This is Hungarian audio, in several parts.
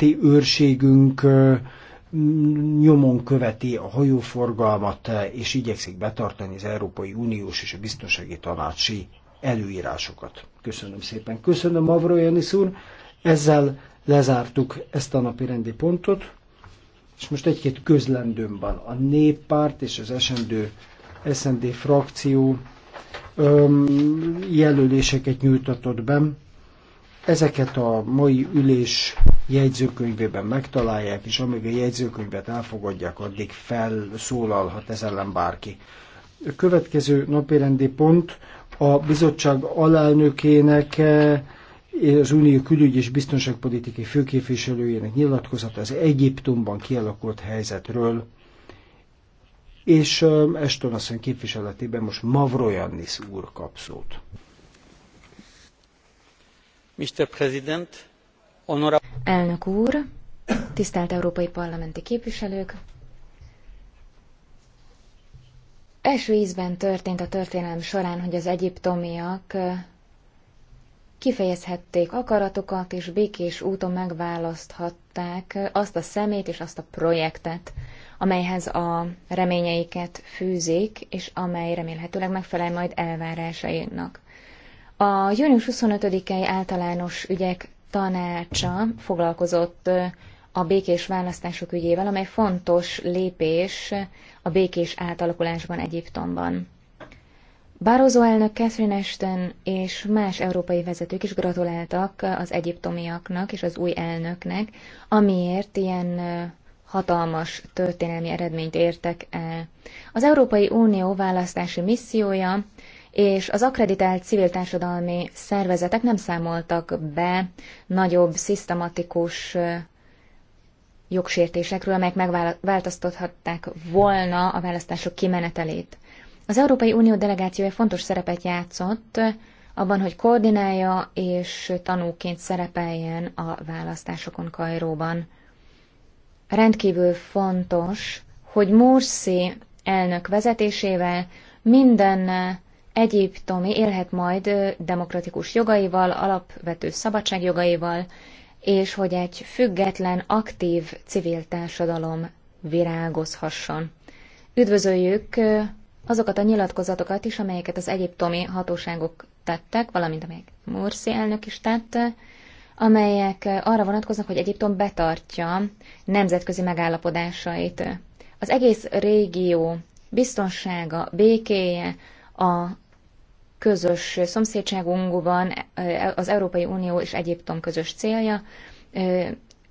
ti őrségünk nyomon követi a hajóforgalmat, és igyekszik betartani az Európai Uniós és a Biztonsági Tanácsi előírásokat. Köszönöm szépen. Köszönöm, Avro Janis úr. Ezzel lezártuk ezt a napi rendi pontot, és most egy-két közlendőm van. A Néppárt és az SND, SND frakció öm, jelöléseket nyújtatott be. Ezeket a mai ülés jegyzőkönyvében megtalálják, és amíg a jegyzőkönyvet elfogadják, addig felszólalhat ez ellen bárki. A következő napirendi pont a bizottság alelnökének eh, az Unió külügy és biztonságpolitikai főképviselőjének nyilatkozata az Egyiptomban kialakult helyzetről, és eh, Eston asszony képviseletében most Mavroyannis úr kap szót. Mr. President, Elnök úr, tisztelt európai parlamenti képviselők! Első ízben történt a történelem során, hogy az egyiptomiak kifejezhették akaratokat, és békés úton megválaszthatták azt a szemét és azt a projektet, amelyhez a reményeiket fűzik, és amely remélhetőleg megfelel majd elvárásainak. A június 25-i általános ügyek tanácsa foglalkozott a békés választások ügyével, amely fontos lépés a békés átalakulásban Egyiptomban. Bározó elnök Catherine Ashton és más európai vezetők is gratuláltak az egyiptomiaknak és az új elnöknek, amiért ilyen hatalmas történelmi eredményt értek el. Az Európai Unió választási missziója és az akreditált civil társadalmi szervezetek nem számoltak be nagyobb, szisztematikus jogsértésekről, amelyek megváltoztathatták volna a választások kimenetelét. Az Európai Unió delegációja fontos szerepet játszott abban, hogy koordinálja és tanúként szerepeljen a választásokon Kajróban. Rendkívül fontos, hogy Morsi elnök vezetésével minden Egyiptomi élhet majd demokratikus jogaival, alapvető szabadságjogaival, és hogy egy független, aktív civil társadalom virágozhasson. Üdvözöljük azokat a nyilatkozatokat is, amelyeket az egyiptomi hatóságok tettek, valamint amelyek Morsi elnök is tett, amelyek arra vonatkoznak, hogy Egyiptom betartja nemzetközi megállapodásait. Az egész régió biztonsága, békéje, a közös szomszédságunkban az Európai Unió és Egyiptom közös célja.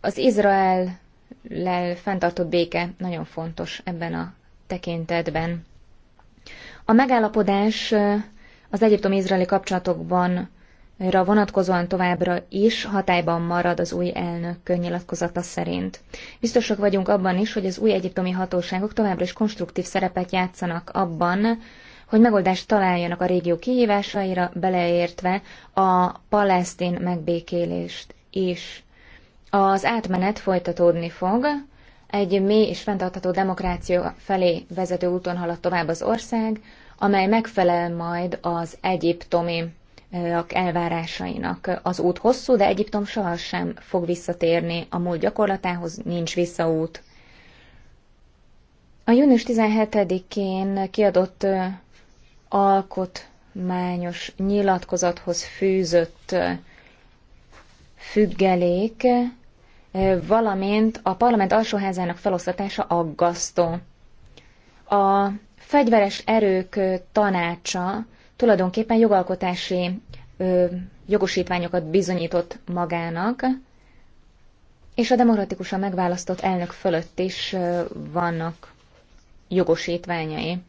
Az Izrael lel fenntartott béke nagyon fontos ebben a tekintetben. A megállapodás az egyiptom-izraeli kapcsolatokban vonatkozóan továbbra is hatályban marad az új elnök nyilatkozata szerint. Biztosak vagyunk abban is, hogy az új egyiptomi hatóságok továbbra is konstruktív szerepet játszanak abban, hogy megoldást találjanak a régió kihívásaira, beleértve a palesztin megbékélést is. Az átmenet folytatódni fog, egy mély és fenntartható demokrácia felé vezető úton halad tovább az ország, amely megfelel majd az egyiptomi elvárásainak. Az út hosszú, de Egyiptom sohasem fog visszatérni a múlt gyakorlatához, nincs visszaút. A június 17-én kiadott alkotmányos nyilatkozathoz fűzött eh, függelék, eh, valamint a parlament alsóházának felosztatása aggasztó. A fegyveres erők eh, tanácsa tulajdonképpen jogalkotási jogosítványokat bizonyított magának, és a demokratikusan megválasztott elnök fölött is vannak jogosítványai.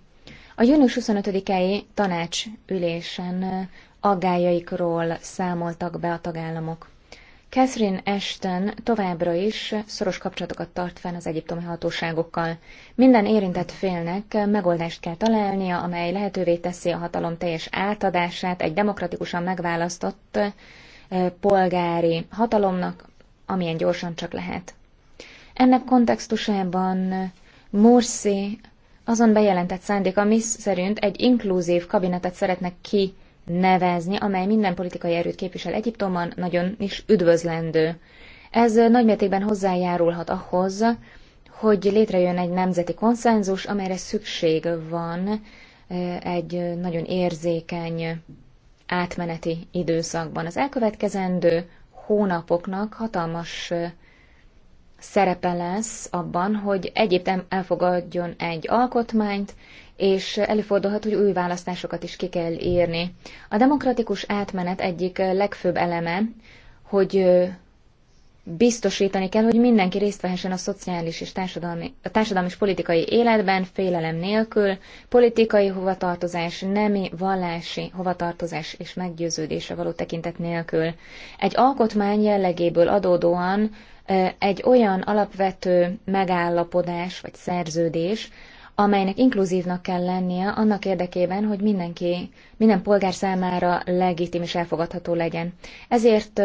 A június 25-i tanácsülésen aggájaikról számoltak be a tagállamok. Catherine Ashton továbbra is szoros kapcsolatokat tart fenn az egyiptomi hatóságokkal. Minden érintett félnek megoldást kell találnia, amely lehetővé teszi a hatalom teljes átadását egy demokratikusan megválasztott polgári hatalomnak, amilyen gyorsan csak lehet. Ennek kontextusában Morsi azon bejelentett szándéka, ami szerint egy inkluzív kabinetet szeretnek ki nevezni, amely minden politikai erőt képvisel Egyiptomban, nagyon is üdvözlendő. Ez nagymértékben hozzájárulhat ahhoz, hogy létrejön egy nemzeti konszenzus, amelyre szükség van egy nagyon érzékeny átmeneti időszakban. Az elkövetkezendő hónapoknak hatalmas szerepe lesz abban, hogy egyébként elfogadjon egy alkotmányt, és előfordulhat, hogy új választásokat is ki kell írni. A demokratikus átmenet egyik legfőbb eleme, hogy biztosítani kell, hogy mindenki részt vehessen a szociális és társadalmi, a társadalmi és politikai életben, félelem nélkül, politikai hovatartozás, nemi, vallási hovatartozás és meggyőződése való tekintet nélkül. Egy alkotmány jellegéből adódóan egy olyan alapvető megállapodás vagy szerződés, amelynek inkluzívnak kell lennie annak érdekében, hogy mindenki, minden polgár számára legitim és elfogadható legyen. Ezért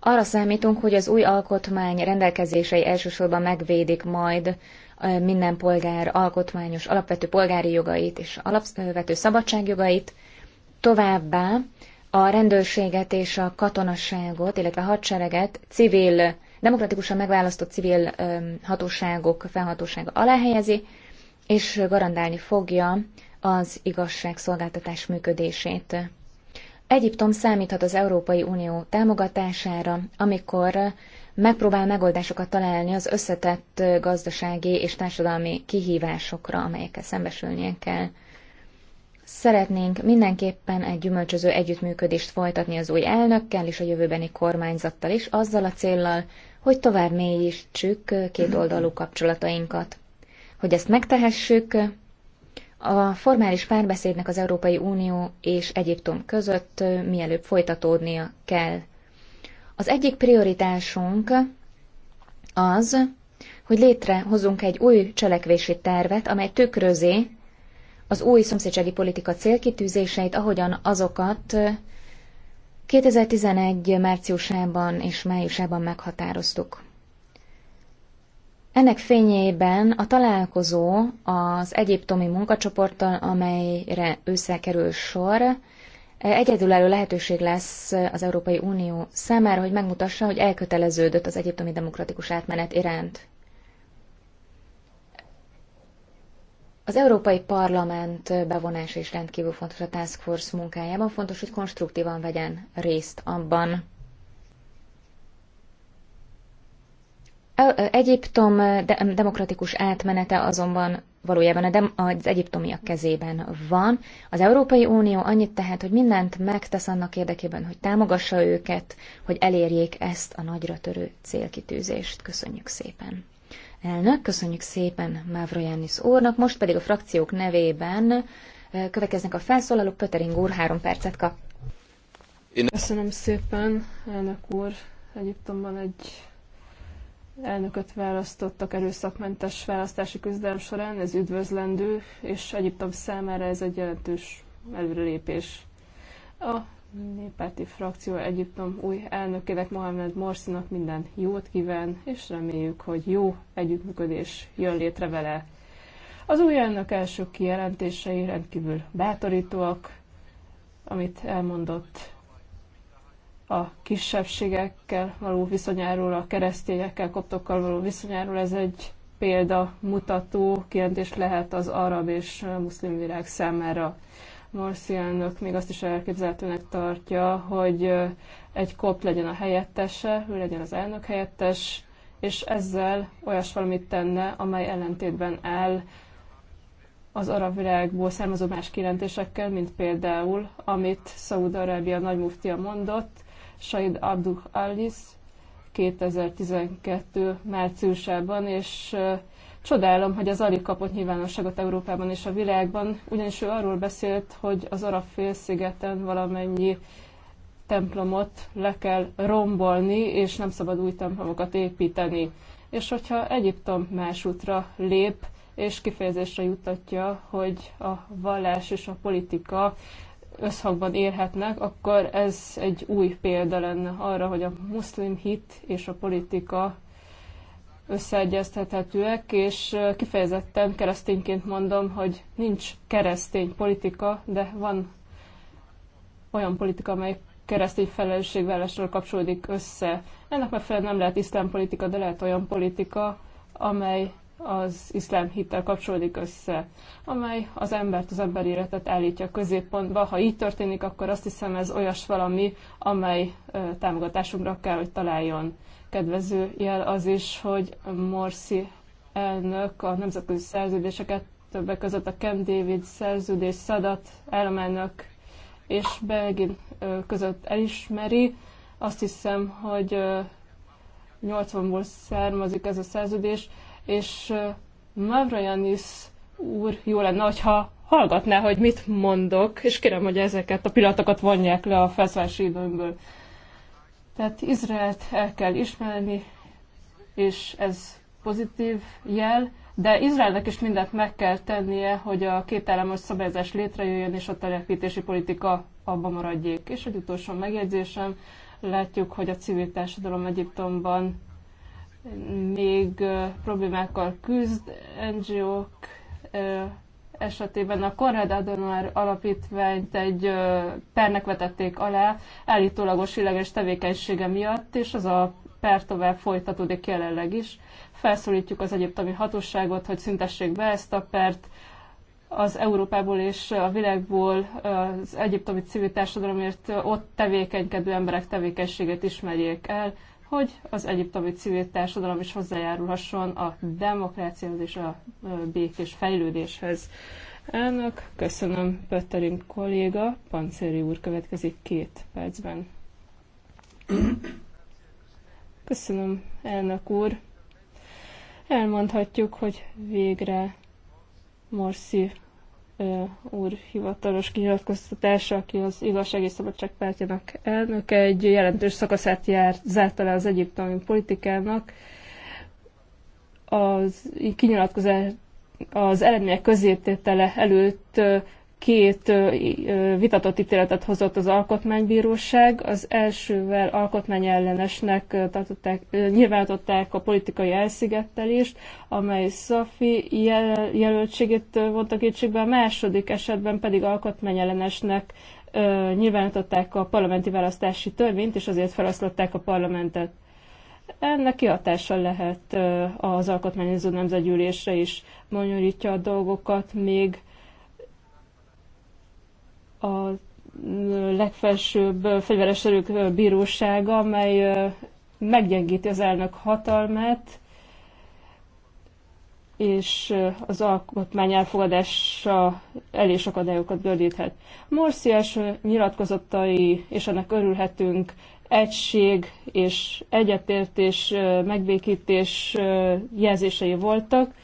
arra számítunk, hogy az új alkotmány rendelkezései elsősorban megvédik majd minden polgár alkotmányos alapvető polgári jogait és alapvető szabadságjogait, továbbá a rendőrséget és a katonasságot, illetve a hadsereget civil, demokratikusan megválasztott civil hatóságok felhatósága alá helyezi, és garantálni fogja az igazságszolgáltatás működését. Egyiptom számíthat az Európai Unió támogatására, amikor megpróbál megoldásokat találni az összetett gazdasági és társadalmi kihívásokra, amelyekkel szembesülnie kell. Szeretnénk mindenképpen egy gyümölcsöző együttműködést folytatni az új elnökkel és a jövőbeni kormányzattal is, azzal a céllal, hogy tovább mélyítsük kétoldalú kapcsolatainkat. Hogy ezt megtehessük, a formális párbeszédnek az Európai Unió és Egyiptom között mielőbb folytatódnia kell. Az egyik prioritásunk az, hogy létrehozunk egy új cselekvési tervet, amely tükrözi az új szomszédsági politika célkitűzéseit, ahogyan azokat 2011. márciusában és májusában meghatároztuk. Ennek fényében a találkozó az egyiptomi munkacsoporttal, amelyre ősszel kerül sor, egyedülálló lehetőség lesz az Európai Unió számára, hogy megmutassa, hogy elköteleződött az egyiptomi demokratikus átmenet iránt. Az Európai Parlament bevonása is rendkívül fontos a Task Force munkájában, fontos, hogy konstruktívan vegyen részt abban. Egyiptom demokratikus átmenete azonban valójában az egyiptomiak kezében van. Az Európai Unió annyit tehet, hogy mindent megtesz annak érdekében, hogy támogassa őket, hogy elérjék ezt a nagyra törő célkitűzést. Köszönjük szépen! Elnök, köszönjük szépen Jánisz úrnak, most pedig a frakciók nevében következnek a felszólalók, Pötering úr három percet kap. Köszönöm szépen, elnök úr, Egyiptomban egy elnököt választottak erőszakmentes választási küzdelem során, ez üdvözlendő, és Egyiptom számára ez egy jelentős előrelépés. A néppárti frakció Egyiptom új elnökének, Mohamed Morsinak minden jót kíván, és reméljük, hogy jó együttműködés jön létre vele. Az új elnök első kijelentései rendkívül bátorítóak, amit elmondott a kisebbségekkel való viszonyáról, a keresztényekkel, koptokkal való viszonyáról. Ez egy példa mutató kérdés lehet az arab és muszlim világ számára. Morsi elnök még azt is elképzelhetőnek tartja, hogy egy kopt legyen a helyettese, ő legyen az elnök helyettes, és ezzel olyas valamit tenne, amely ellentétben áll az arab világból származó más kijelentésekkel, mint például, amit Szaúd-Arábia nagymuftia mondott, Said Abduh Alisz 2012. márciusában, és csodálom, hogy az alig kapott nyilvánosságot Európában és a világban, ugyanis ő arról beszélt, hogy az arab félszigeten valamennyi templomot le kell rombolni, és nem szabad új templomokat építeni. És hogyha Egyiptom más útra lép, és kifejezésre jutatja, hogy a vallás és a politika összhangban érhetnek, akkor ez egy új példa lenne arra, hogy a muszlim hit és a politika összeegyeztethetőek, és kifejezetten keresztényként mondom, hogy nincs keresztény politika, de van olyan politika, amely keresztény felelősségvállásról kapcsolódik össze. Ennek megfelelően nem lehet iszlám politika, de lehet olyan politika, amely az iszlám hittel kapcsolódik össze, amely az embert, az emberi életet állítja a középpontba. Ha így történik, akkor azt hiszem ez olyas valami, amely támogatásunkra kell, hogy találjon. Kedvező jel az is, hogy Morsi elnök a nemzetközi szerződéseket többek között a Camp David szerződés Szadat államelnök és Belgin között elismeri. Azt hiszem, hogy 80-ból származik ez a szerződés, és Mavroyanis úr jó lenne, hogyha hallgatná, hogy mit mondok, és kérem, hogy ezeket a pillanatokat vonják le a felszállási időmből. Tehát Izraelt el kell ismerni, és ez pozitív jel, de Izraelnek is mindent meg kell tennie, hogy a két államos szabályozás létrejöjjön, és a telepítési politika abba maradjék. És egy utolsó megjegyzésem, látjuk, hogy a civil társadalom Egyiptomban még problémákkal küzd NGO-k esetében a Konrad Adenauer alapítványt egy pernek vetették alá állítólagos illeges tevékenysége miatt, és az a per tovább folytatódik jelenleg is. Felszólítjuk az egyiptomi hatóságot, hogy szüntessék be ezt a pert, az Európából és a világból az egyiptomi civil társadalomért ott tevékenykedő emberek tevékenységét ismerjék el, hogy az egyiptomi civil társadalom is hozzájárulhasson a demokráciához és a békés fejlődéshez. Elnök, köszönöm Pötterünk kolléga, Pancéri úr következik két percben. Köszönöm, elnök úr. Elmondhatjuk, hogy végre Morsi úr hivatalos kinyilatkoztatása, aki az Igazság és Szabadság pártjának elnöke, egy jelentős szakaszát jár zárta le az egyiptomi politikának. Az kinyilatkozás az eredmények közértétele előtt két vitatott ítéletet hozott az alkotmánybíróság. Az elsővel alkotmányellenesnek nyilvánították a politikai elszigettelést, amely Szafi jel jelöltségét vonta kétségbe, a második esetben pedig alkotmányellenesnek nyilvánították a parlamenti választási törvényt, és azért feloszlatták a parlamentet. Ennek kihatása lehet az alkotmányozó nemzetgyűlésre is, bonyolítja a dolgokat, még a legfelsőbb fegyveres erők bírósága, amely meggyengíti az elnök hatalmát, és az alkotmány elfogadása elé sok adályokat gördíthet. Morsi első nyilatkozatai, és ennek örülhetünk, egység és egyetértés, megbékítés jelzései voltak,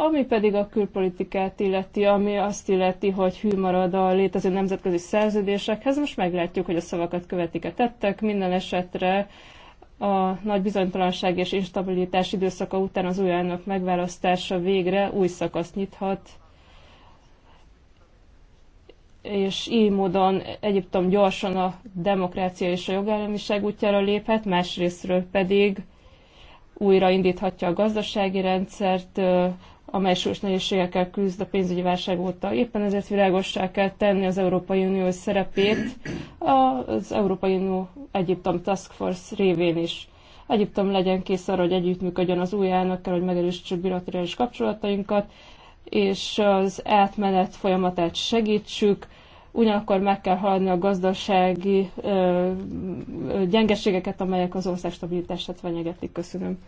ami pedig a külpolitikát illeti, ami azt illeti, hogy hű marad a létező nemzetközi szerződésekhez, most meglátjuk, hogy a szavakat követik-e tettek. Minden esetre a nagy bizonytalanság és instabilitás időszaka után az új elnök megválasztása végre új szakaszt nyithat, és így módon Egyiptom gyorsan a demokrácia és a jogállamiság útjára léphet, másrésztről pedig újra indíthatja a gazdasági rendszert, amely súlyos nehézségekkel küzd a pénzügyi válság óta. Éppen ezért világossá kell tenni az Európai Unió szerepét az Európai Unió Egyiptom Task Force révén is. Egyiptom legyen kész arra, hogy együttműködjön az új elnökkel, hogy megerősítsük bilaterális kapcsolatainkat, és az átmenet folyamatát segítsük, ugyanakkor meg kell haladni a gazdasági ö, ö, gyengeségeket, amelyek az ország stabilitását fenyegetik. Köszönöm.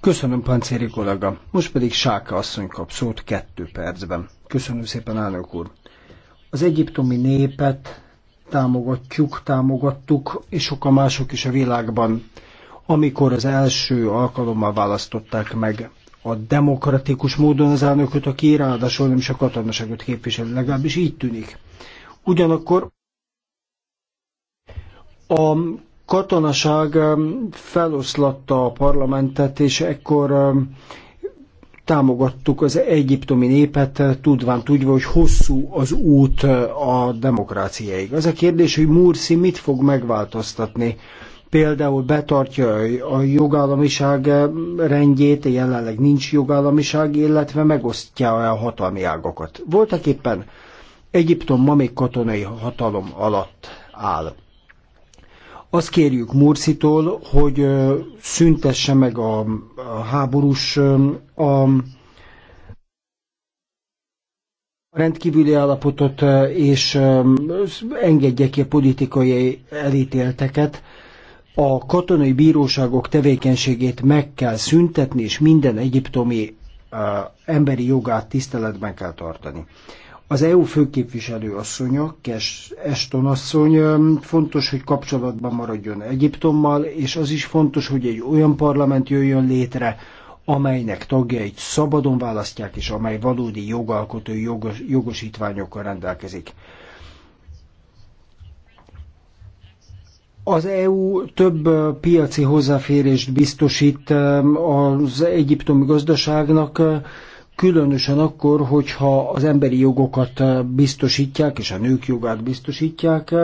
Köszönöm, Pancéri kollega. Most pedig Sáka asszony kap szót kettő percben. Köszönöm szépen, elnök úr. Az egyiptomi népet támogatjuk, támogattuk, és sokan mások is a világban, amikor az első alkalommal választották meg a demokratikus módon az elnököt, aki ráadásul nem is a katonaságot képviseli, legalábbis így tűnik. Ugyanakkor a katonaság feloszlatta a parlamentet, és ekkor támogattuk az egyiptomi népet, tudván tudva, hogy hosszú az út eh, a demokráciáig. Az a kérdés, hogy Mursi mit fog megváltoztatni? Például betartja a jogállamiság eh, rendjét, jelenleg nincs jogállamiság, illetve megosztja a hatalmi ágakat. Voltak éppen Egyiptom ma még katonai hatalom alatt áll. Azt kérjük Murszitól, hogy szüntesse meg a, a háborús a rendkívüli állapotot, és engedje ki a politikai elítélteket. A katonai bíróságok tevékenységét meg kell szüntetni, és minden egyiptomi emberi jogát tiszteletben kell tartani. Az EU főképviselő asszonya, Eston asszony, fontos, hogy kapcsolatban maradjon Egyiptommal, és az is fontos, hogy egy olyan parlament jöjjön létre, amelynek tagjait szabadon választják, és amely valódi jogalkotó jogos, jogosítványokkal rendelkezik. Az EU több piaci hozzáférést biztosít az egyiptomi gazdaságnak, különösen akkor, hogyha az emberi jogokat biztosítják, és a nők jogát biztosítják,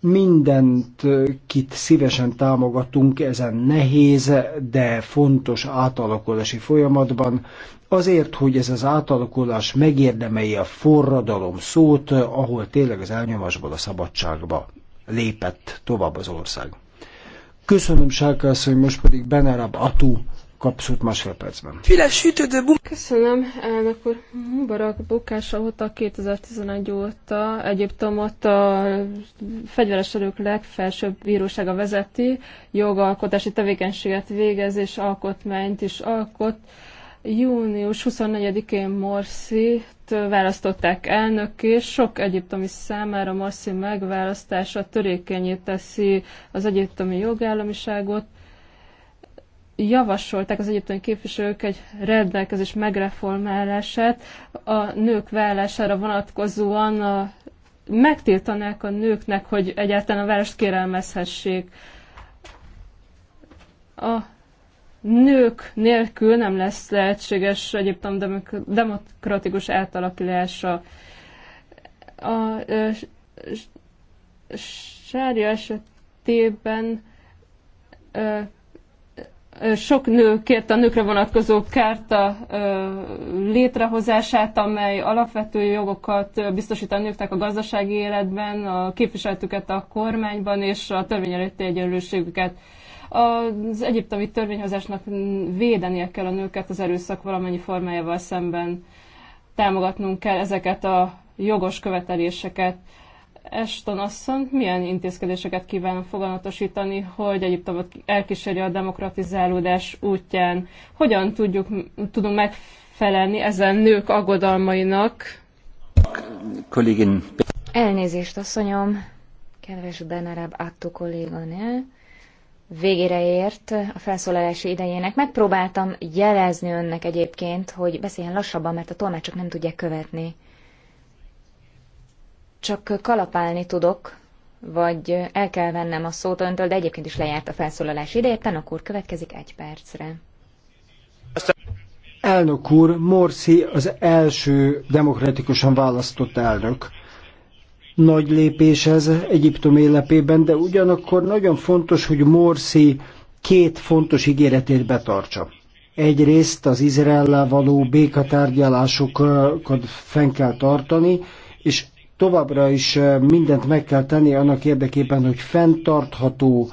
mindent kit szívesen támogatunk ezen nehéz, de fontos átalakulási folyamatban, azért, hogy ez az átalakulás megérdemelje a forradalom szót, ahol tényleg az elnyomásból a szabadságba lépett tovább az ország. Köszönöm Sárkász, hogy most pedig Benarab Atu kapszult másfél percben. Köszönöm, elnök úr. Mubarak bukása óta, 2011 óta Egyiptomot a fegyveres erők legfelsőbb bírósága vezeti, jogalkotási tevékenységet végez és alkotmányt is alkot. Június 24-én morsi választották elnök, és sok egyiptomi számára Morsi megválasztása törékenyé teszi az egyiptomi jogállamiságot, javasolták az egyiptomi képviselők egy rendelkezés megreformálását a nők vállására vonatkozóan a, megtiltanák a nőknek, hogy egyáltalán a várost kérelmezhessék. A nők nélkül nem lesz lehetséges Egyiptom demokratikus átalakulása. A sárja esetében sok nő kért a nőkre vonatkozó kárta létrehozását, amely alapvető jogokat biztosít a nőknek a gazdasági életben, a képviseletüket a kormányban és a törvény előtti egyenlőségüket. Az egyiptomi törvényhozásnak védenie kell a nőket az erőszak valamennyi formájával szemben. Támogatnunk kell ezeket a jogos követeléseket. Eston asszony milyen intézkedéseket kíván foganatosítani, hogy Egyiptomot elkísérje a demokratizálódás útján? Hogyan tudjuk, tudunk megfelelni ezen nők aggodalmainak? Kollégin. Elnézést, asszonyom, kedves Benarab Attu kolléganő. Végére ért a felszólalási idejének. Megpróbáltam jelezni önnek egyébként, hogy beszéljen lassabban, mert a tolmácsok nem tudják követni csak kalapálni tudok, vagy el kell vennem a szót öntől, de egyébként is lejárt a felszólalás ideje. Tanok úr, következik egy percre. Elnök úr, Morsi az első demokratikusan választott elnök. Nagy lépés ez Egyiptom életében, de ugyanakkor nagyon fontos, hogy Morsi két fontos ígéretét betartsa. Egyrészt az Izrael való békatárgyalásokat fenn kell tartani, és Továbbra is eh, mindent meg kell tenni annak érdekében, hogy fenntartható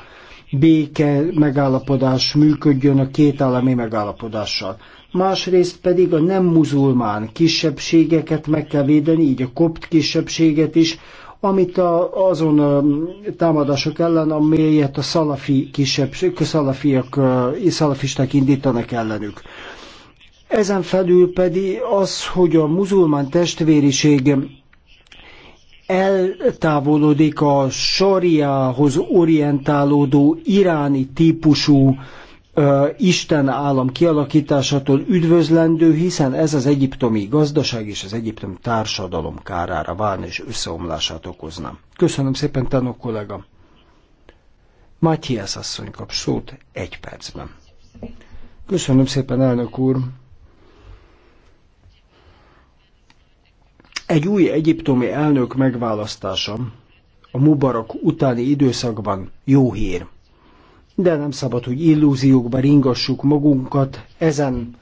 béke megállapodás működjön a két állami megállapodással. Másrészt pedig a nem muzulmán kisebbségeket meg kell védeni, így a kopt kisebbséget is, amit a, azon a eh, támadások ellen, amelyet a szalafi kisebbség, szalafiak, eh, szalafisták indítanak ellenük. Ezen felül pedig az, hogy a muzulmán testvériség eltávolodik a sariához orientálódó iráni típusú ö, Isten állam kialakításától üdvözlendő, hiszen ez az egyiptomi gazdaság és az egyiptomi társadalom kárára válna és összeomlását okozna. Köszönöm szépen, tanok kollega. Matthias asszony kap szót egy percben. Köszönöm szépen, elnök úr. Egy új egyiptomi elnök megválasztása a Mubarak utáni időszakban jó hír. De nem szabad, hogy illúziókba ringassuk magunkat, ezen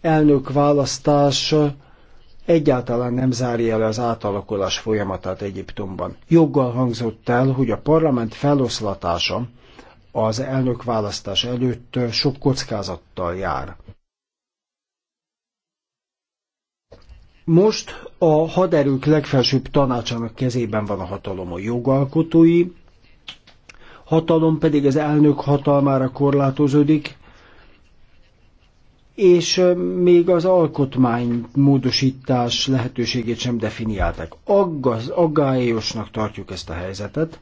elnök választás egyáltalán nem zárja le az átalakulás folyamatát Egyiptomban. Joggal hangzott el, hogy a parlament feloszlatása az elnök választás előtt sok kockázattal jár. Most a haderők legfelsőbb tanácsának kezében van a hatalom a jogalkotói, hatalom pedig az elnök hatalmára korlátozódik, és még az alkotmány módosítás lehetőségét sem definiálták. aggályosnak tartjuk ezt a helyzetet,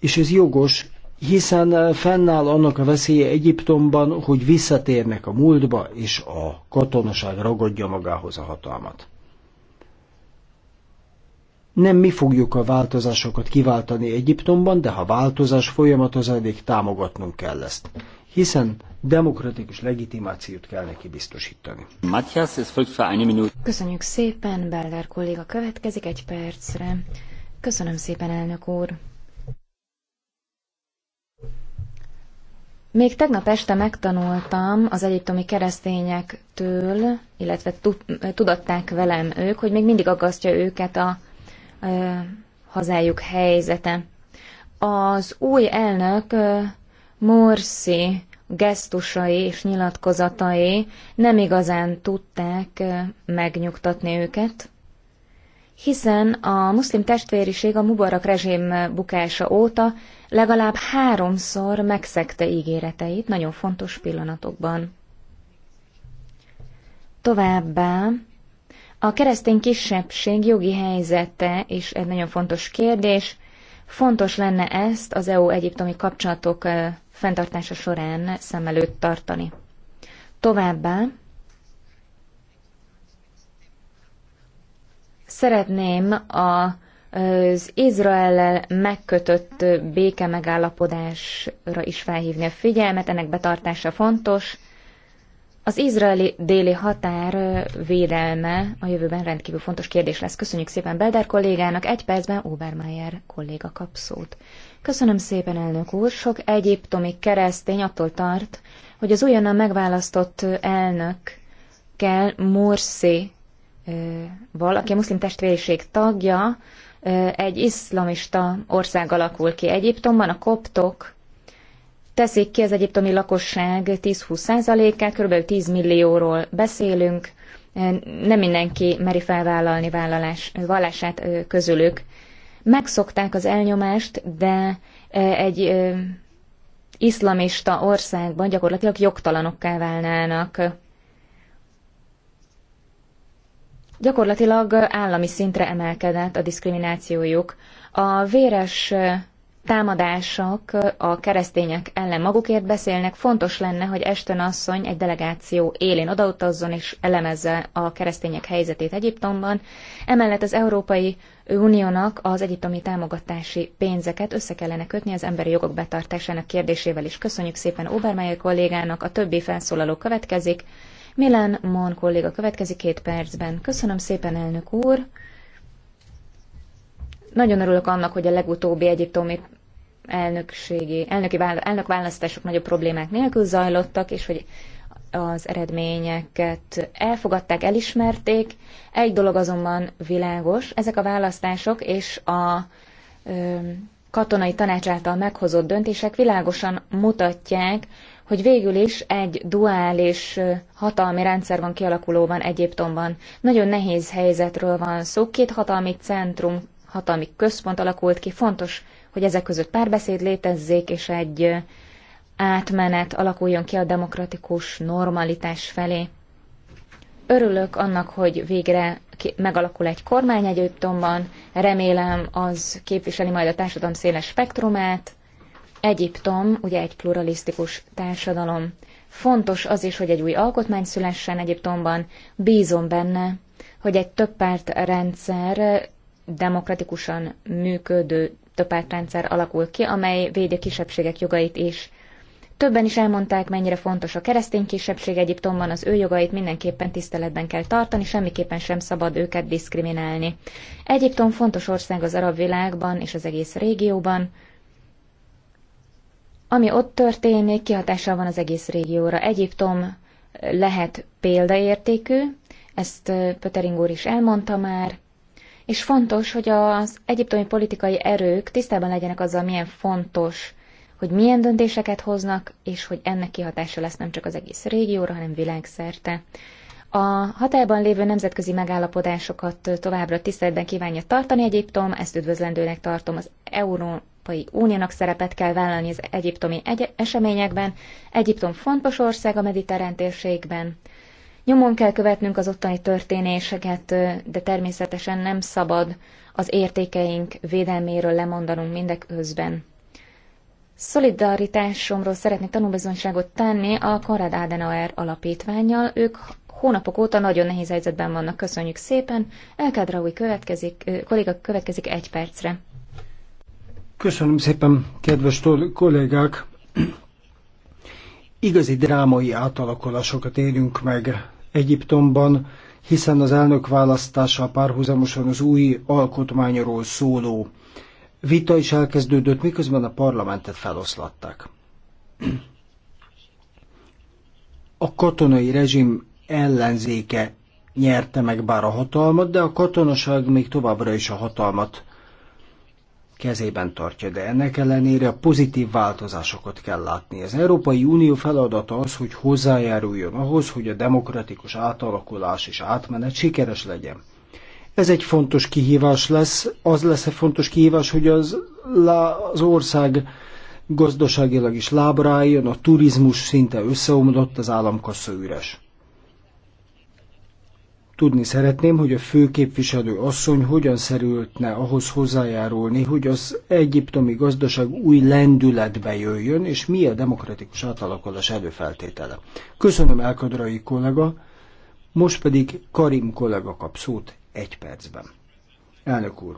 és ez jogos, hiszen fennáll annak a veszélye Egyiptomban, hogy visszatérnek a múltba, és a katonaság ragadja magához a hatalmat. Nem mi fogjuk a változásokat kiváltani Egyiptomban, de ha változás folyamat az eddig támogatnunk kell ezt, hiszen demokratikus legitimációt kell neki biztosítani. Matthias, ez folgt für egy minút. Köszönjük szépen, Beller kolléga következik egy percre. Köszönöm szépen, elnök úr. Még tegnap este megtanultam az egyiptomi keresztényektől, illetve tudatták velem ők, hogy még mindig aggasztja őket a a hazájuk helyzete. Az új elnök Morsi gesztusai és nyilatkozatai nem igazán tudták megnyugtatni őket, hiszen a muszlim testvériség a Mubarak rezsim bukása óta legalább háromszor megszegte ígéreteit nagyon fontos pillanatokban. Továbbá a keresztény kisebbség jogi helyzete és egy nagyon fontos kérdés. Fontos lenne ezt az EU-egyiptomi kapcsolatok fenntartása során szem előtt tartani. Továbbá szeretném a az izrael megkötött béke megállapodásra is felhívni a figyelmet, ennek betartása fontos. Az izraeli déli határ védelme a jövőben rendkívül fontos kérdés lesz. Köszönjük szépen Belder kollégának, egy percben Obermeier kolléga kap szót. Köszönöm szépen, elnök úr. Sok egyiptomi keresztény attól tart, hogy az újonnan megválasztott elnök kell Morsi, valaki a muszlim testvériség tagja, egy iszlamista ország alakul ki Egyiptomban, a koptok teszik ki az egyiptomi lakosság 10-20 százalékát, kb. 10 millióról beszélünk, nem mindenki meri felvállalni vállalás, vallását közülük. Megszokták az elnyomást, de egy iszlamista országban gyakorlatilag jogtalanokká válnának gyakorlatilag állami szintre emelkedett a diszkriminációjuk. A véres támadások a keresztények ellen magukért beszélnek, fontos lenne, hogy Esten asszony egy delegáció élén odautazzon és elemezze a keresztények helyzetét Egyiptomban. Emellett az Európai Uniónak az egyiptomi támogatási pénzeket össze kellene kötni az emberi jogok betartásának kérdésével is. Köszönjük szépen Obermeyer kollégának, a többi felszólaló következik. Milán Mon kolléga következik két percben. Köszönöm szépen, elnök úr. Nagyon örülök annak, hogy a legutóbbi egyiptomi elnökségi, elnöki vála, választások nagyobb problémák nélkül zajlottak, és hogy az eredményeket elfogadták, elismerték. Egy dolog azonban világos, ezek a választások és a ö, katonai tanács által meghozott döntések világosan mutatják, hogy végül is egy duális hatalmi rendszer van kialakulóban Egyiptomban. Nagyon nehéz helyzetről van szó, két hatalmi centrum, hatalmi központ alakult ki, fontos, hogy ezek között párbeszéd létezzék, és egy átmenet alakuljon ki a demokratikus normalitás felé. Örülök annak, hogy végre megalakul egy kormány Egyiptomban, remélem az képviseli majd a társadalom széles spektrumát, Egyiptom ugye egy pluralisztikus társadalom. Fontos az is, hogy egy új alkotmány szülessen Egyiptomban. Bízom benne, hogy egy többpárt rendszer demokratikusan működő többpártrendszer alakul ki, amely védi a kisebbségek jogait is. Többen is elmondták, mennyire fontos a keresztény kisebbség Egyiptomban, az ő jogait mindenképpen tiszteletben kell tartani, semmiképpen sem szabad őket diszkriminálni. Egyiptom fontos ország az arab világban és az egész régióban, ami ott történik, kihatással van az egész régióra. Egyiptom lehet példaértékű, ezt Pötering úr is elmondta már, és fontos, hogy az egyiptomi politikai erők tisztában legyenek azzal, milyen fontos, hogy milyen döntéseket hoznak, és hogy ennek kihatása lesz nem csak az egész régióra, hanem világszerte. A hatályban lévő nemzetközi megállapodásokat továbbra tiszteletben kívánja tartani Egyiptom, ezt üdvözlendőnek tartom az Euró Európai Uniónak szerepet kell vállalni az egyiptomi egy- eseményekben. Egyiptom fontos ország a mediterrán térségben. Nyomon kell követnünk az ottani történéseket, de természetesen nem szabad az értékeink védelméről lemondanunk mindeközben. Szolidaritásomról szeretnék tanúbizonyságot tenni a Konrad Adenauer alapítványjal. Ők hónapok óta nagyon nehéz helyzetben vannak. Köszönjük szépen. új következik, kolléga következik egy percre. Köszönöm szépen, kedves kollégák! Igazi drámai átalakulásokat élünk meg Egyiptomban, hiszen az elnök választása párhuzamosan az új alkotmányról szóló vita is elkezdődött, miközben a parlamentet feloszlatták. A katonai rezsim ellenzéke nyerte meg bár a hatalmat, de a katonaság még továbbra is a hatalmat kezében tartja, de ennek ellenére a pozitív változásokat kell látni. Az Európai Unió feladata az, hogy hozzájáruljon ahhoz, hogy a demokratikus átalakulás és átmenet sikeres legyen. Ez egy fontos kihívás lesz, az lesz egy fontos kihívás, hogy az, az ország gazdaságilag is lábra álljon, a turizmus szinte összeomlott, az államkassa üres. Tudni szeretném, hogy a főképviselő asszony hogyan szerültne ahhoz hozzájárulni, hogy az egyiptomi gazdaság új lendületbe jöjjön, és mi a demokratikus átalakulás előfeltétele. Köszönöm Elkadrai kollega, most pedig Karim kollega kap szót egy percben. Elnök úr,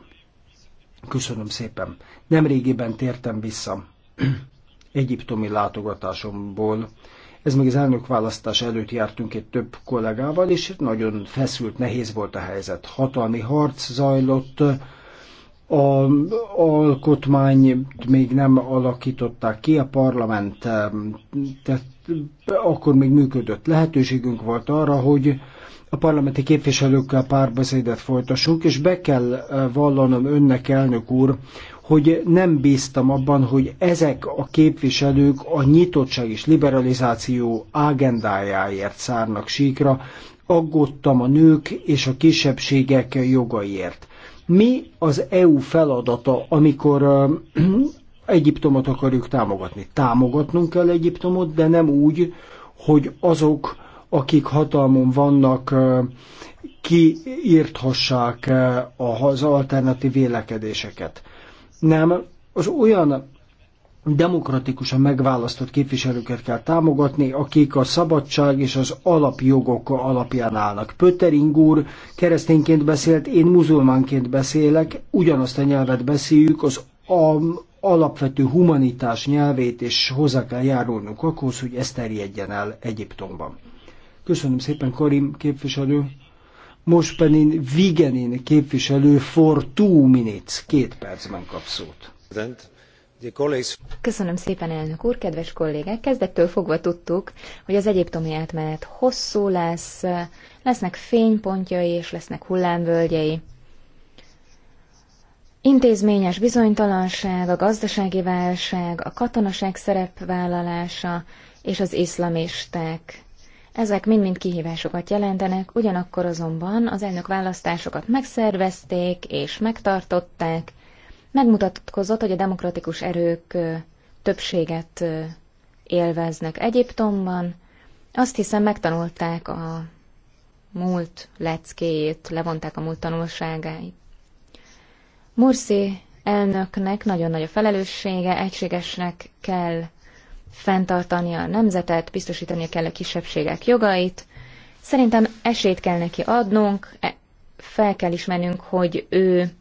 köszönöm szépen. Nemrégiben tértem vissza egyiptomi látogatásomból, ez még az elnök választás előtt jártunk egy több kollégával, és nagyon feszült, nehéz volt a helyzet. Hatalmi harc zajlott, a alkotmányt még nem alakították ki, a parlament, tehát akkor még működött. Lehetőségünk volt arra, hogy a parlamenti képviselőkkel párbeszédet folytassunk, és be kell eh, vallanom önnek, elnök úr, hogy nem bíztam abban, hogy ezek a képviselők a nyitottság és liberalizáció agendájáért szárnak síkra, aggódtam a nők és a kisebbségek jogaiért. Mi az EU feladata, amikor Egyiptomot akarjuk támogatni? Támogatnunk kell Egyiptomot, de nem úgy, hogy azok, akik hatalmon vannak, kiírthassák az alternatív vélekedéseket nem, az olyan demokratikusan megválasztott képviselőket kell támogatni, akik a szabadság és az alapjogok alapján állnak. Pöter Ingúr keresztényként beszélt, én muzulmánként beszélek, ugyanazt a nyelvet beszéljük, az a, alapvető humanitás nyelvét, és hozzá kell járulnunk ahhoz, hogy ez terjedjen el Egyiptomban. Köszönöm szépen, Karim képviselő. Most pedig Vigenin képviselő for two minutes, két percben kap szót. Köszönöm szépen, elnök úr, kedves kollégák! Kezdettől fogva tudtuk, hogy az egyiptomi átmenet hosszú lesz, lesznek fénypontjai és lesznek hullámvölgyei. Intézményes bizonytalanság, a gazdasági válság, a katonaság szerepvállalása és az iszlamisták ezek mind-mind kihívásokat jelentenek, ugyanakkor azonban az elnök választásokat megszervezték és megtartották. Megmutatkozott, hogy a demokratikus erők többséget élveznek Egyiptomban. Azt hiszem megtanulták a múlt leckéjét, levonták a múlt tanulságáit. Morsi elnöknek nagyon nagy a felelőssége, egységesnek kell fenntartani a nemzetet, biztosítania kell a kisebbségek jogait. Szerintem esélyt kell neki adnunk, e, fel kell ismernünk, hogy ő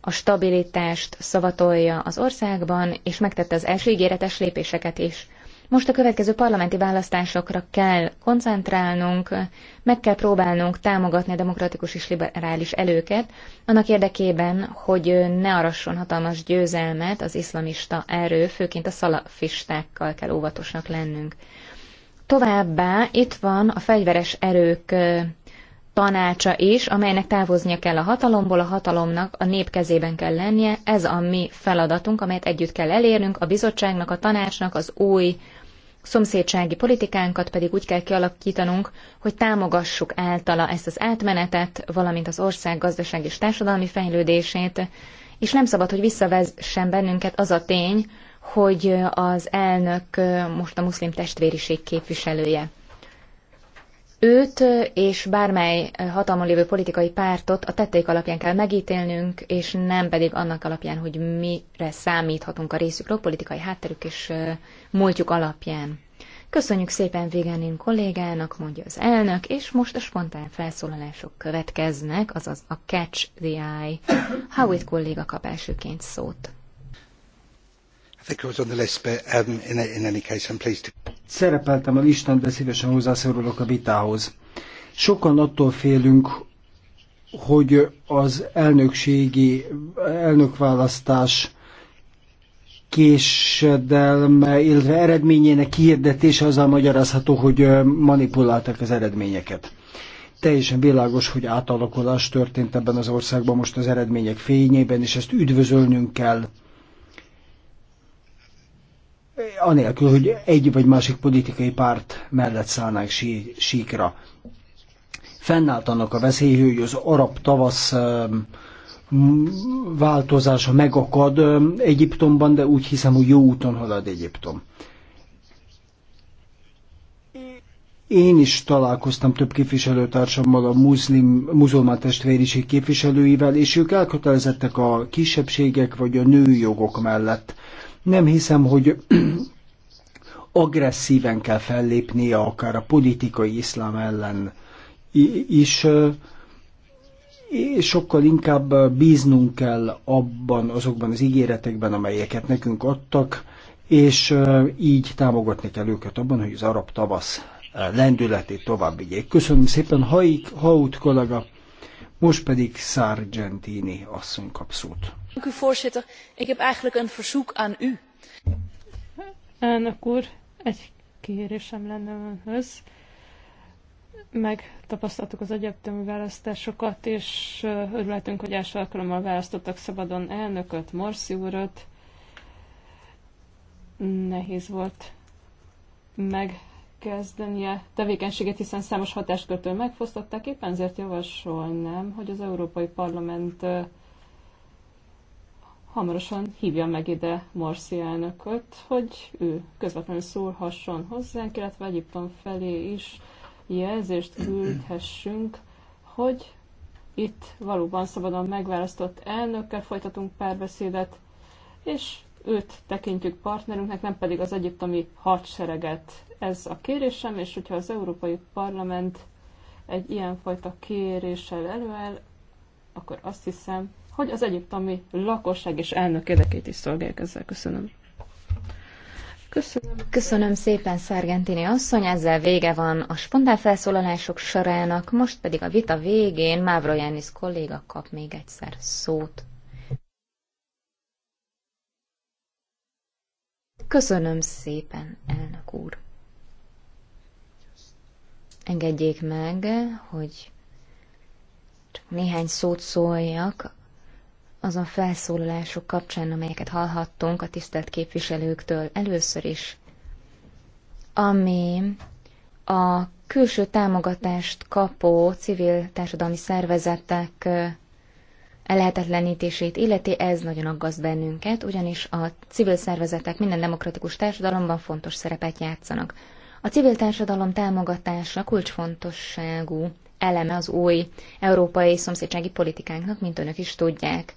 a stabilitást szavatolja az országban, és megtette az első ígéretes lépéseket is. Most a következő parlamenti választásokra kell koncentrálnunk, meg kell próbálnunk támogatni a demokratikus és liberális előket, annak érdekében, hogy ne arasson hatalmas győzelmet az iszlamista erő, főként a szalafistákkal kell óvatosnak lennünk. Továbbá itt van a fegyveres erők tanácsa is, amelynek távoznia kell a hatalomból, a hatalomnak a nép kezében kell lennie. Ez a mi feladatunk, amelyet együtt kell elérnünk a bizottságnak, a tanácsnak, az új Szomszédsági politikánkat pedig úgy kell kialakítanunk, hogy támogassuk általa ezt az átmenetet, valamint az ország gazdaság és társadalmi fejlődését, és nem szabad, hogy visszavezessen bennünket az a tény, hogy az elnök most a muszlim testvériség képviselője. Őt és bármely hatalmon lévő politikai pártot a tették alapján kell megítélnünk, és nem pedig annak alapján, hogy mire számíthatunk a részükről, politikai hátterük és múltjuk alapján. Köszönjük szépen Vigenin kollégának, mondja az elnök, és most a spontán felszólalások következnek, azaz a Catch the Eye. Howitt kolléga kap elsőként szót. Szerepeltem a listán, de szívesen hozzászorulok a vitához. Sokan attól félünk, hogy az elnökségi elnökválasztás késedelme, illetve eredményének kihirdetése azzal magyarázható, hogy manipulálták az eredményeket. Teljesen világos, hogy átalakulás történt ebben az országban most az eredmények fényében, és ezt üdvözölnünk kell anélkül, hogy egy vagy másik politikai párt mellett szállnánk sí, síkra. Fennállt annak a veszély, hogy az arab tavasz változása megakad Egyiptomban, de úgy hiszem, hogy jó úton halad Egyiptom. Én is találkoztam több képviselőtársammal, a muszlim, muzulmán testvériség képviselőivel, és ők elkötelezettek a kisebbségek vagy a nőjogok mellett. Nem hiszem, hogy agresszíven kell fellépnie akár a politikai iszlám ellen is, és sokkal inkább bíznunk kell abban, azokban az ígéretekben, amelyeket nekünk adtak, és így támogatni kell őket abban, hogy az arab tavasz lendületét tovább vigyék. Köszönöm szépen, Haik, Haut kollega, most pedig Sargentini asszony kap szót voorzitter ik heb eigenlijk een verzoek aan u. elnök úr egy kérésem lenne önhöz megtapasztaltuk az egyetemi választásokat, és örültünk, hogy első alkalommal választottak szabadon elnököt, Morsi úrot. Nehéz volt megkezdenie tevékenységét, hiszen számos hatáskörtől megfosztották, éppen ezért javasolnám, hogy az Európai Parlament hamarosan hívja meg ide Marsi elnököt, hogy ő közvetlenül szólhasson hozzánk, illetve Egyiptom felé is jelzést küldhessünk, hogy itt valóban szabadon megválasztott elnökkel folytatunk párbeszédet, és őt tekintjük partnerünknek, nem pedig az egyiptomi hadsereget. Ez a kérésem, és hogyha az Európai Parlament egy ilyenfajta kéréssel előáll, akkor azt hiszem, hogy az egyiptomi lakosság és elnök érdekét is szolgálják ezzel. Köszönöm. Köszönöm. Köszönöm szépen, Szergentini asszony, ezzel vége van a spontán felszólalások sorának, most pedig a vita végén Mávro Jánisz kolléga kap még egyszer szót. Köszönöm szépen, elnök úr. Engedjék meg, hogy csak néhány szót szóljak azon felszólalások kapcsán, amelyeket hallhattunk a tisztelt képviselőktől először is, ami a külső támogatást kapó civil társadalmi szervezetek ellehetetlenítését illeti, ez nagyon aggaszt bennünket, ugyanis a civil szervezetek minden demokratikus társadalomban fontos szerepet játszanak. A civil társadalom támogatása kulcsfontosságú eleme az új európai szomszédsági politikánknak, mint önök is tudják.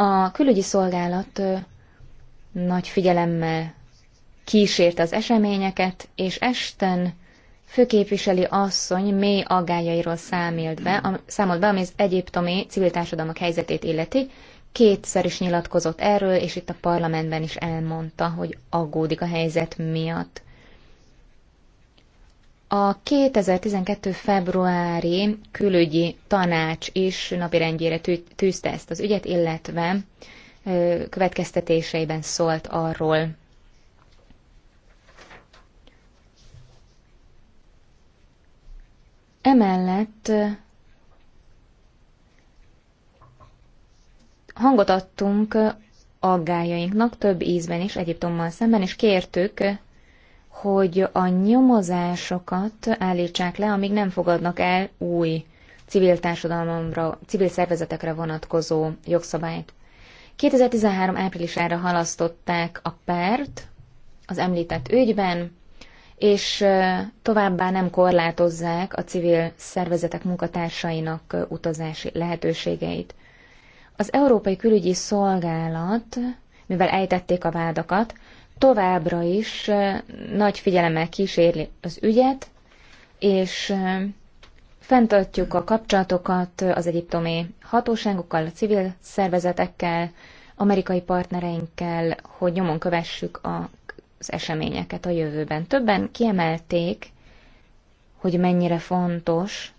A külügyi szolgálat nagy figyelemmel kísért az eseményeket, és esten főképviseli asszony mély aggájairól számolt be, a, számolt be, ami az egyiptomi civil társadalmak helyzetét illeti. Kétszer is nyilatkozott erről, és itt a parlamentben is elmondta, hogy aggódik a helyzet miatt. A 2012. februári külügyi tanács is napirendjére tűzte ezt az ügyet, illetve következtetéseiben szólt arról. Emellett hangot adtunk aggájainknak több ízben is Egyiptommal szemben, és kértük hogy a nyomozásokat állítsák le, amíg nem fogadnak el új civil társadalomra, civil szervezetekre vonatkozó jogszabályt. 2013 áprilisára halasztották a pert az említett ügyben, és továbbá nem korlátozzák a civil szervezetek munkatársainak utazási lehetőségeit. Az Európai Külügyi Szolgálat, mivel ejtették a vádakat, továbbra is nagy figyelemmel kíséri az ügyet, és fenntartjuk a kapcsolatokat az egyiptomi hatóságokkal, a civil szervezetekkel, amerikai partnereinkkel, hogy nyomon kövessük az eseményeket a jövőben. Többen kiemelték, hogy mennyire fontos,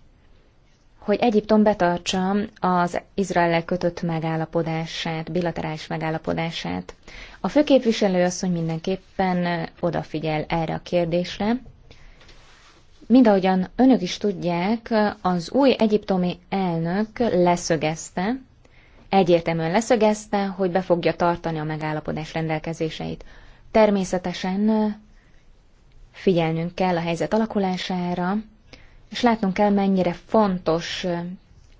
hogy Egyiptom betartsa az izrael kötött megállapodását, bilaterális megállapodását. A főképviselő asszony mindenképpen odafigyel erre a kérdésre. Mindahogyan önök is tudják, az új egyiptomi elnök leszögezte, egyértelműen leszögezte, hogy be fogja tartani a megállapodás rendelkezéseit. Természetesen figyelnünk kell a helyzet alakulására, és látnunk kell, mennyire fontos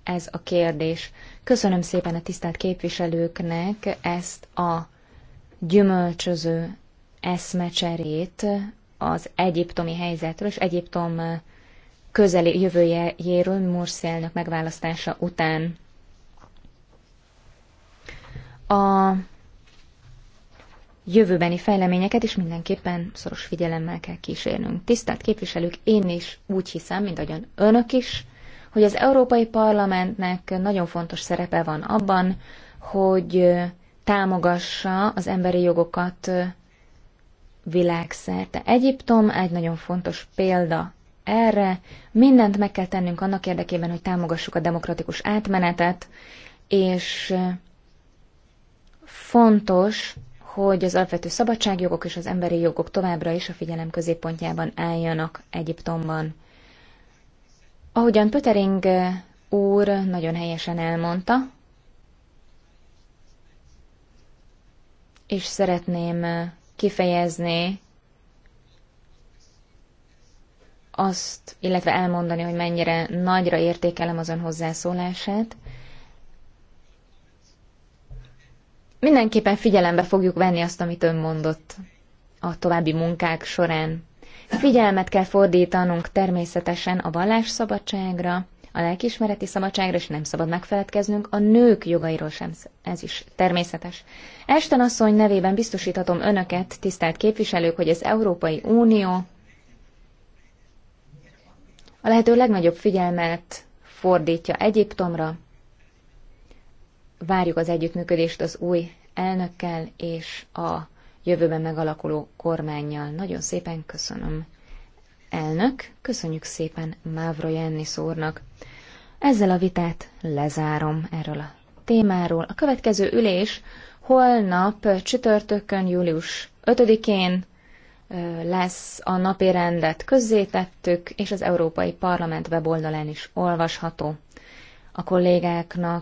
ez a kérdés. Köszönöm szépen a tisztelt képviselőknek ezt a gyümölcsöző eszmecserét az egyiptomi helyzetről és Egyiptom eh, közeli jövőjéről Morsi elnök megválasztása után. A jövőbeni fejleményeket is mindenképpen szoros figyelemmel kell kísérnünk. Tisztelt képviselők, én is úgy hiszem, mint ahogyan önök is, hogy az Európai Parlamentnek nagyon fontos szerepe van abban, hogy eh, támogassa az emberi jogokat világszerte. Egyiptom egy nagyon fontos példa erre. Mindent meg kell tennünk annak érdekében, hogy támogassuk a demokratikus átmenetet, és fontos, hogy az alapvető szabadságjogok és az emberi jogok továbbra is a figyelem középpontjában álljanak Egyiptomban. Ahogyan Pötering úr nagyon helyesen elmondta, és szeretném eh, kifejezni azt, illetve elmondani, hogy mennyire nagyra értékelem az ön hozzászólását. Mindenképpen figyelembe fogjuk venni azt, amit ön mondott a további munkák során. Figyelmet kell fordítanunk természetesen a vallásszabadságra, a lelkiismereti szabadságra, is nem szabad megfeledkeznünk a nők jogairól sem. Ez is természetes. Esten asszony nevében biztosíthatom önöket, tisztelt képviselők, hogy az Európai Unió a lehető legnagyobb figyelmet fordítja Egyiptomra. Várjuk az együttműködést az új elnökkel és a jövőben megalakuló kormányjal. Nagyon szépen köszönöm. Elnök, köszönjük szépen Mávro Jannis szórnak. Ezzel a vitát lezárom erről a témáról. A következő ülés holnap csütörtökön, július 5-én lesz a napi rendet közzétettük, és az Európai Parlament weboldalán is olvasható. A kollégáknak